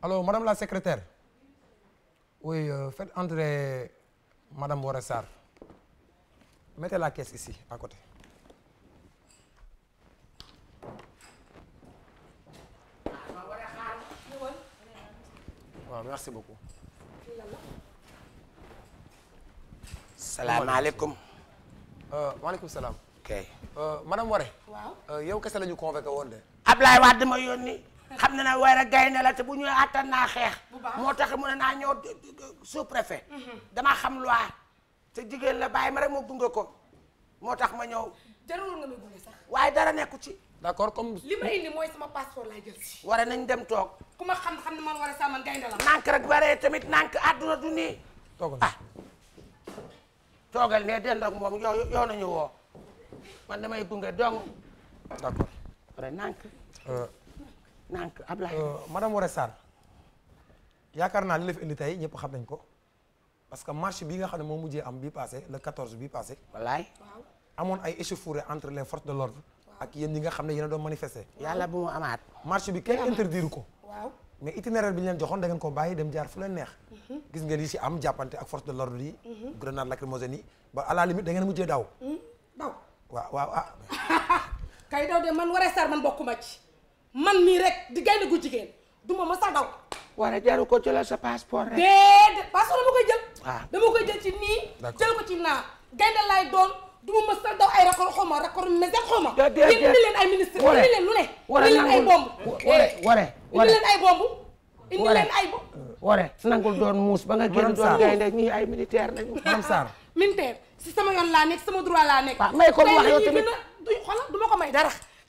alors madame la secretaire oui euh, faites entrer madame Woré Sarr mettez la caisse ici à côté waaw merci beaucoup. salaamaaleykum. maaleykum euh, salaam. ok. Euh, madame Woré. waaw euh, yow kese la ñu convoqué woon de. Ablaye Wade ma yónni. xam na ne war a gaynde la te bu ñuy attan naa xeex moo tax mu ne naa ñëw sous préfet mm-hmm. damaa xam loi te jigéen la bàyyi ma rek ma gunge ko moo tax ma ñëw jarul nga may gunge waaye dara nekku ci d'accord comme li mooy sama passeport laa jël si war nañ dem toog ku ma xam-xam ne man war a sax man gaynde la nànk rek tamit nànk àdduna du nii toogal ah toogal ne den ak moom yoo yoo nañu woo man damay gunge dong d'accord pare nànk euh, naan Ablaye. Euh, madame Woré Sarr yaakaar naa li la fi indi tey ñëpp xam nañ ko parce que marche bi nga xam ne moo mujjee am bii passé le 14 bii passé. wallaay amoon ay échauffourées entre les forces de l'ordre ak yéen ñi nga xam ne yéen a doon manifester. yàlla bu mu amaat. marche bi kenn interdire ko. waaw mais itinéraire bi ñu leen joxoon da ngeen ko bàyyi dem jaar fu leen neex. Mhm. gis ngeen yi si am jàppante ak force de l'ordre yi. Mhm. grenade lacrymogène yi ba à la limite da mujjee hmm? daw. waaw waaw ah. kay daw de man Woré Sarr man mii rek di gaynde gu jigéen du ma mës a daw. wala jaru ko jëlal sa passeport rek. déedéet passeport dama koy jël. Ah. dama koy jël ci nii. jël ko ci naa gaynde laay doon du ma mës daw ay record xaw ma record mais sax xaw ma. déedéet indi leen ay ministre indi leen lu ne. indi ay bomb eh, indi leen ay bomb. indi ba nga génn doon ay militaire lañu. Ah, si sama yoon laa nekk sama droit laa nekk. waaw ah, may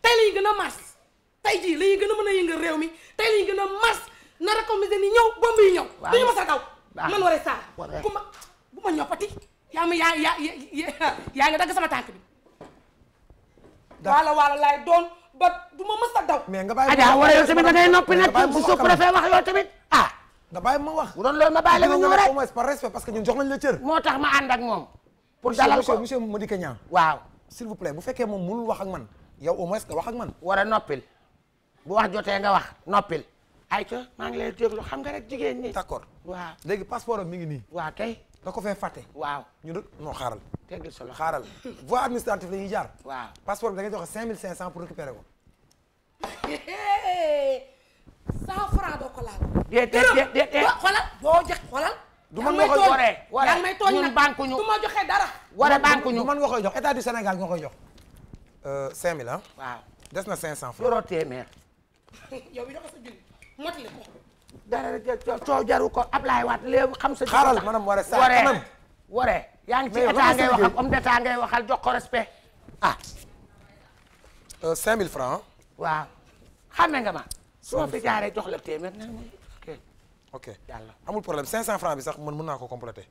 tey la gën a du xoolal gën a mars tey jii la ñuy gën a mën a yëngal réew mi tey la ñuy gën a mars nar a commisé ni ñëw bomb yi ñëw duñu ma sa kaw man waree saa bu ma bu ma ñoppati yaa ma yaa yaa yaa ngi dagg sama tànk bi waala waala laay doon ba a daw mais nga bàyyi Adja war a yow tamit bu su préfet wax yow tamit ah nga bàyyi ma wax moo tax ma waaw s'il vous bu fekkee moom mënul wax man yow au nga wax man war a noppil bu wax jotee nga wax noppil. ayca maa ngi lay déglu xam nga rek jigéen ñi. d'accord waaw léegi passeport am mi ngi nii. waaw kay da ko fee fàtte. waaw ñu ne non xaaral. tegul solo xaaral voie administrative la ñuy jaar. waaw passeport bi da ngay joxe cinq mille cinq cent pour boo jox xoolal. du man nga koy waree waree ñu du ma joxe man nga koy jox état du Sénégal nga koy jox. Euh, cinq mille des na cinq cent francs. yow bi doxal sa julli motali ko. dara coow jaru ko Ablaye Wade léegi xam sa. xaaral maanaam waree saa kanam waree yaa ngi ci état ngay waxal homme jox ko respect ah. 5000 euh, francs. waaw xamee nga ma. su ma fi jaaree jox la téeméer na ok ok amul problème 500 francs bi sax man mun naa ko compléter.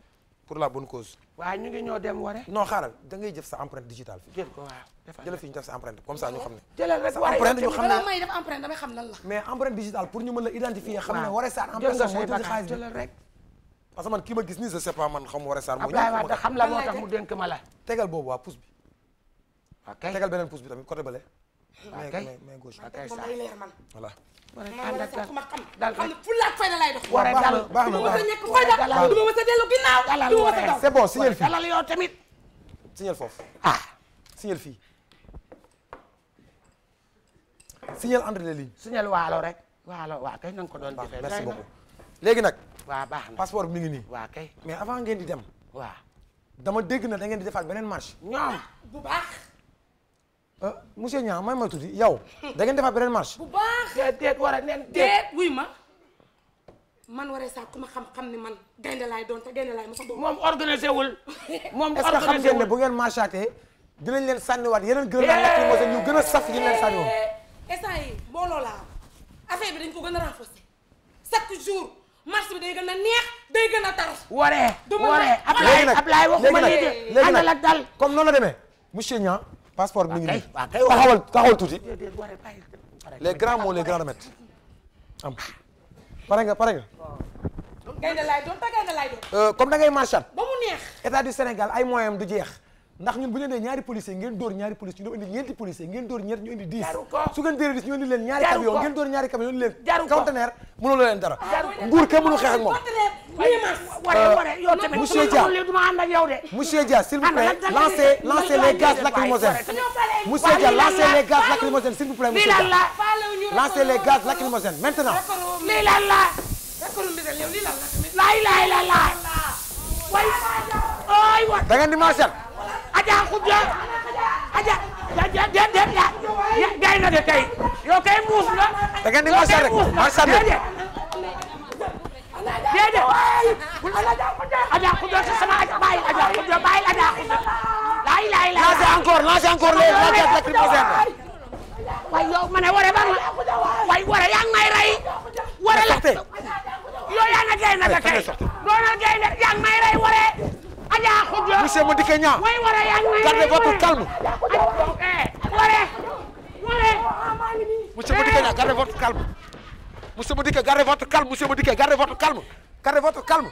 pour la bonne cause. waaw ñu ngi ñoo dem waree. non xaaral da ngay jëf sa empreinte digitale. jël ko waaw defal jëlal fi ñu def sa empreinte comme ça ñu xam ne. jëlal rek waree empreinte ñu xam ne balaa may def empreinte damay xam lan la. mais empreinte digitale pour ñu mën la identifier. xam ne waree saar empreinte mooy tuuti xaalis jëlal rek. parce que man ki ma gis nii je sais pas man xam waree saar. moo ñëw moo xam la moo tax mu dénk ma la. tegal boobu waa pouce bi. ok tegal beneen pouce bi tamit côté bële waaw kay waaw kay sax voilà. ànd ak dal dal xam ne fulaak fayda lay dox. war a dal baax na baax na war a dal du ma mës a dellu ginnaaw. dalal waree c'est bon signal fii dalal yow tamit. signal foofu ah signal fii. signal entre les lignes. signal waalo rek. waalo waa kay na nga ko doon defee. merci beaucoup léegi nag. waa baax na passeport bi mi ngi nii. waa kay mais avant ngeen di dem. waa dama dégg na da ngeen di defaat beneen marche. ñoom bu baax. Euh, monsieur Niang may ma tuuti yow da ngeen defaat beneen marche. bu baax déet war a nen déet wuy ma. man waree sax ku ma xam-xam ni man gaynde laay doon te gaynde laay ma sax doon. moom moom organisé wul xam ngeen ne bu ngeen marchaatee dinañ leen sànniwaat gën a ñu gën a saf yi leen sànniwoon. Eh, yi mbooloo laa affaire bi dañ ko gën a renforcer chaque jour marche bi gën a neex day gën a tar. waree waree Ablaye Ablaye waxuma lii de. léegi nag léegi nag comme noonu la demee monsieur Niang passeport bi mi ngi nii taxawal taxawal tuuti les grands mots les grands remèdes pare nga pare nga. gaynde euh, comme da ngay marchat. ba du Sénégal ay moyens du jeex. ndax ñun bu ñu indee ñaari policier ngeen dóor ñaari policier ñu indi ñeenti policier ngeen dóor ñeent ñu indi dix su ngeen dóoree dix ñu indi leen ñaari camion ngeen dóor ñaari camion ñu indi leen conteneur mënoo leen dara nguur kenn mënu xeex ak moom euh, monsieur Dia monsieur Dia s'il vous plaît lancez lancez les gaz lacrymogènes monsieur Dia lancez les gaz lacrymogènes s'il vous plaît monsieur Dia lancez les gaz lacrymogènes maintenant lii lan la laay laay la laay way ay wa da ngeen di marcher Adja Khoudia Adja déet déet yaa gay na de kay yow kay muus la. da ngeen di marsal rek marsal rek déedéet Adja Khoudia si sama bàyyi Adja Khoudia bàyyi Adja Khoudia. laay laay laay lancé encore lancé encore les gaz lacrymogène. waay yow ma ne waree ba waay waree yaa ngi may rey. waree la yow yaa na gay na de kay. monsieur Madické eh, Niang gardez votre calme monsieur Madické Niang gardez votre calme monsieur Madické gardez votre calme monsieur Madické gardez votre calme gardez votre calme